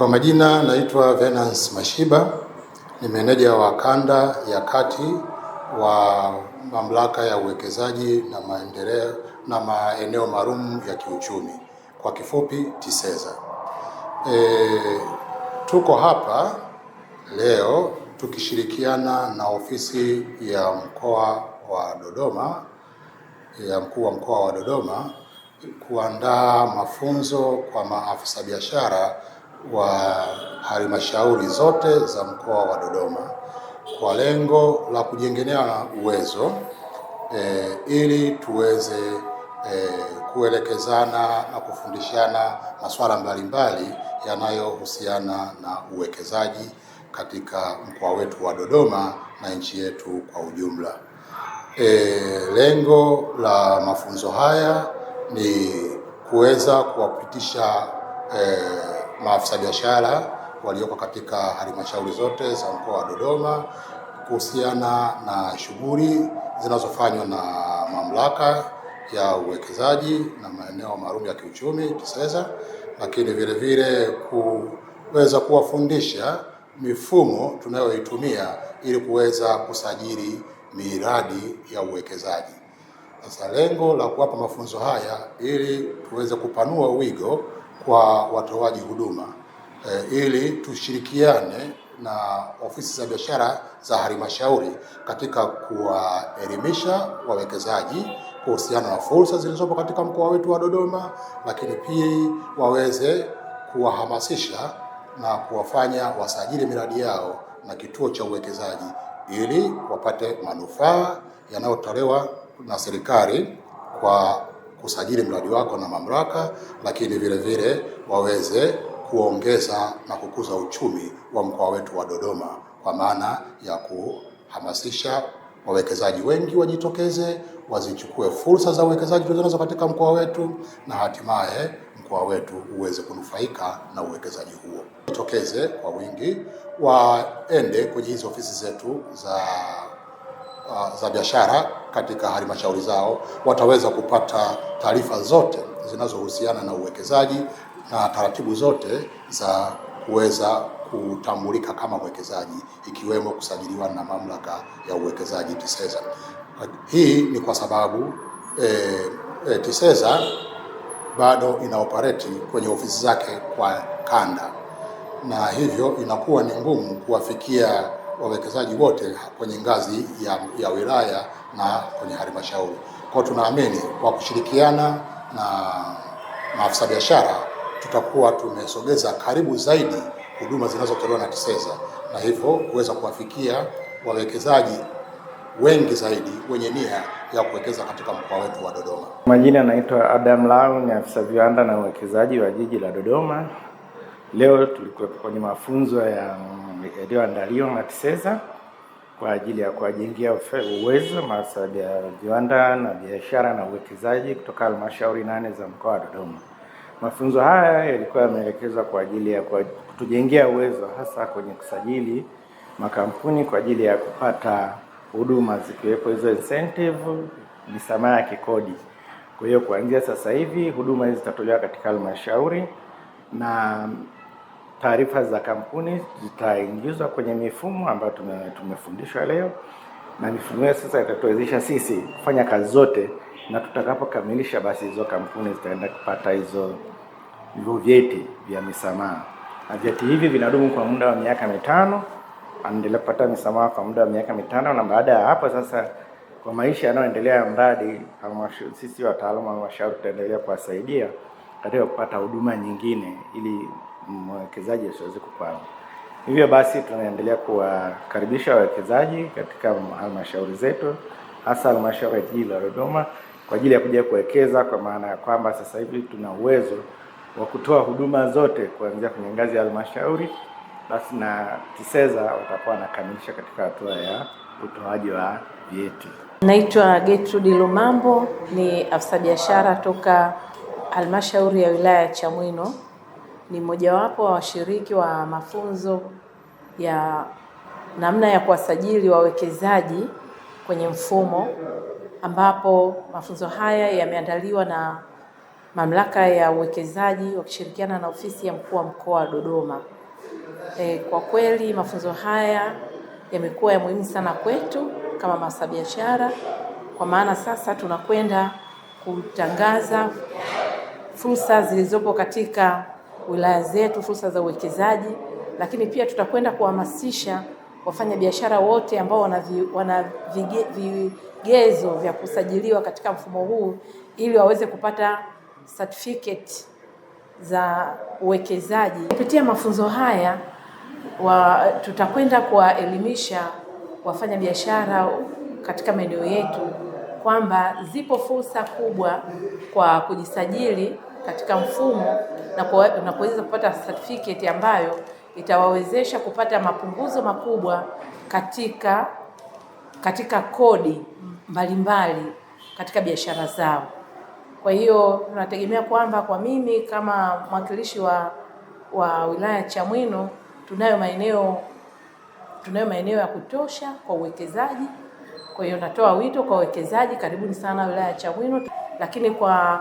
Kwa majina naitwa Venance Mashiba, ni meneja wa kanda ya kati wa Mamlaka ya Uwekezaji na Maendeleo na Maeneo Maalum ya Kiuchumi, kwa kifupi TISEZA. E, tuko hapa leo tukishirikiana na ofisi ya mkoa wa Dodoma ya mkuu wa mkoa wa Dodoma kuandaa mafunzo kwa maafisa biashara wa halmashauri zote za mkoa wa Dodoma kwa lengo la kujengenea uwezo e, ili tuweze e, kuelekezana na kufundishana masuala mbalimbali yanayohusiana na uwekezaji katika mkoa wetu wa Dodoma na nchi yetu kwa ujumla. E, lengo la mafunzo haya ni kuweza kuwapitisha e, maafisa biashara walioko katika halmashauri zote za mkoa wa Dodoma kuhusiana na shughuli zinazofanywa na mamlaka ya uwekezaji na maeneo maalum ya kiuchumi TISEZA, lakini vile vile kuweza kuwafundisha mifumo tunayoitumia ili kuweza kusajili miradi ya uwekezaji. Sasa lengo la kuwapa mafunzo haya ili tuweze kupanua wigo kwa watoaji huduma e, ili tushirikiane na ofisi za biashara za halmashauri katika kuwaelimisha wawekezaji kuhusiana na fursa zilizopo katika mkoa wetu wa Dodoma, lakini pia waweze kuwahamasisha na kuwafanya wasajili miradi yao na kituo cha uwekezaji ili wapate manufaa yanayotolewa na serikali kwa kusajili mradi wako na mamlaka, lakini vile vile waweze kuongeza na kukuza uchumi wa mkoa wetu wa Dodoma kwa maana ya kuhamasisha wawekezaji wengi wajitokeze, wazichukue fursa za uwekezaji tulizonazo katika mkoa wetu, na hatimaye mkoa wetu uweze kunufaika na uwekezaji huo. Jitokeze kwa wingi, waende kwenye hizi ofisi zetu za, uh, za biashara katika halmashauri zao, wataweza kupata taarifa zote zinazohusiana na uwekezaji na taratibu zote za kuweza kutambulika kama mwekezaji ikiwemo kusajiliwa na mamlaka ya uwekezaji TISEZA. Hii ni kwa sababu e, e, TISEZA bado ina inaopareti kwenye ofisi zake kwa kanda, na hivyo inakuwa ni ngumu kuwafikia wawekezaji wote kwenye ngazi ya, ya wilaya na kwenye halmashauri. Kwa tunaamini kwa kushirikiana na maafisa biashara tutakuwa tumesogeza karibu zaidi huduma zinazotolewa na TISEZA na hivyo kuweza kuwafikia wawekezaji wengi zaidi wenye nia ya kuwekeza katika mkoa wetu wa Dodoma. Majina yanaitwa Adam Lau, ni afisa viwanda na uwekezaji wa jiji la Dodoma. Leo tulikuwa kwenye mafunzo yaliyoandaliwa na TISEZA kwa ajili ya kuajengia uwezo maslahi ya viwanda na biashara na uwekezaji kutoka halmashauri nane za mkoa wa Dodoma. Mafunzo haya yalikuwa yameelekezwa kwa ajili ya kutujengea uwezo hasa kwenye kusajili makampuni kwa ajili ya kupata huduma zikiwepo hizo incentive, misamaha ya kikodi. Kwa hiyo kuanzia sasa hivi huduma hizi zitatolewa katika halmashauri na taarifa za kampuni zitaingizwa kwenye mifumo ambayo tumefundishwa leo, na mifumo hiyo sasa itatuwezesha sisi kufanya kazi zote, na tutakapokamilisha, basi hizo kampuni zitaenda kupata hizo hivyo vyeti vya misamaha, na vyeti hivi vinadumu kwa muda wa miaka mitano. Anaendelea kupata misamaha kwa muda wa miaka mitano, na baada ya hapo sasa, kwa maisha yanayoendelea ya mradi, sisi wataalamu wa halmashauri tutaendelea kuwasaidia katika kupata huduma nyingine ili mwekezaji asiweze kukwama. Hivyo basi tunaendelea kuwakaribisha wawekezaji katika halmashauri zetu, hasa halmashauri ya jiji la Dodoma kwa ajili ya kuja kuwekeza, kwa maana ya kwamba sasa hivi tuna uwezo wa kutoa huduma zote kuanzia kwenye ngazi ya halmashauri, basi na TISEZA watakuwa wanakamilisha katika hatua ya utoaji wa vyeti. Naitwa Gertrude Lumambo, ni afisa biashara toka halmashauri ya wilaya ya Chamwino ni mojawapo wa washiriki wa mafunzo ya namna ya kuwasajili wawekezaji kwenye mfumo, ambapo mafunzo haya yameandaliwa na Mamlaka ya Uwekezaji wakishirikiana na Ofisi ya Mkuu wa Mkoa wa Dodoma. E, kwa kweli mafunzo haya yamekuwa ya muhimu sana kwetu kama maafisa biashara, kwa maana sasa tunakwenda kutangaza fursa zilizopo katika wilaya zetu, fursa za uwekezaji, lakini pia tutakwenda kuhamasisha wafanyabiashara wote ambao wana, vi, wana vige, vigezo vya kusajiliwa katika mfumo huu ili waweze kupata certificate za uwekezaji. Kupitia mafunzo haya wa, tutakwenda kuwaelimisha wafanyabiashara katika maeneo yetu kwamba zipo fursa kubwa kwa kujisajili katika mfumo na kuweza kupata certificate ambayo itawawezesha kupata mapunguzo makubwa katika katika kodi mbalimbali mbali, katika biashara zao. Kwa hiyo tunategemea kwamba kwa mimi kama mwakilishi wa wa wilaya Chamwino tunayo maeneo tunayo maeneo ya kutosha kwa uwekezaji. Kwa hiyo natoa wito kwa uwekezaji, karibuni sana wilaya ya Chamwino, lakini kwa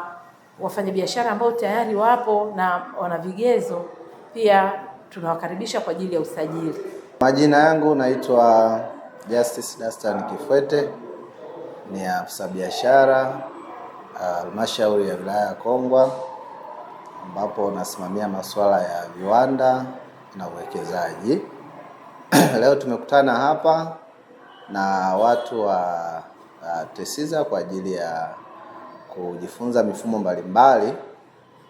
wafanyabiashara ambao tayari wapo na wana vigezo pia tunawakaribisha kwa ajili ya usajili. Majina yangu naitwa Justice Dastan Kifwete, ni afisa biashara halmashauri ya wilaya ya Kongwa ambapo nasimamia masuala ya viwanda na uwekezaji. Leo tumekutana hapa na watu wa uh, TESIZA kwa ajili ya kujifunza mifumo mbalimbali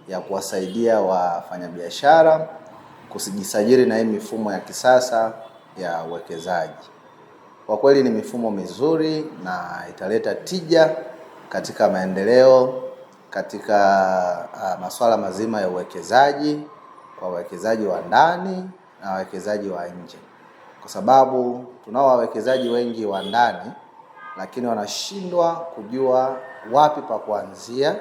ya kuwasaidia wafanyabiashara kusijisajili na hii mifumo ya kisasa ya uwekezaji. Kwa kweli ni mifumo mizuri na italeta tija katika maendeleo, katika masuala mazima ya uwekezaji kwa wawekezaji wa ndani na wawekezaji wa nje, kwa sababu tunao wawekezaji wengi wa ndani lakini wanashindwa kujua wapi pa kuanzia,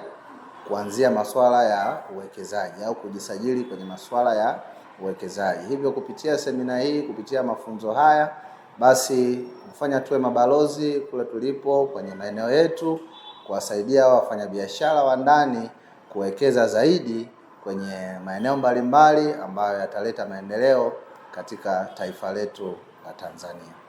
kuanzia masuala ya uwekezaji au kujisajili kwenye masuala ya uwekezaji. Hivyo kupitia semina hii, kupitia mafunzo haya, basi kufanya tuwe mabalozi kule tulipo kwenye maeneo yetu, kuwasaidia wafanyabiashara wa ndani kuwekeza zaidi kwenye maeneo mbalimbali ambayo yataleta maendeleo katika taifa letu la Tanzania.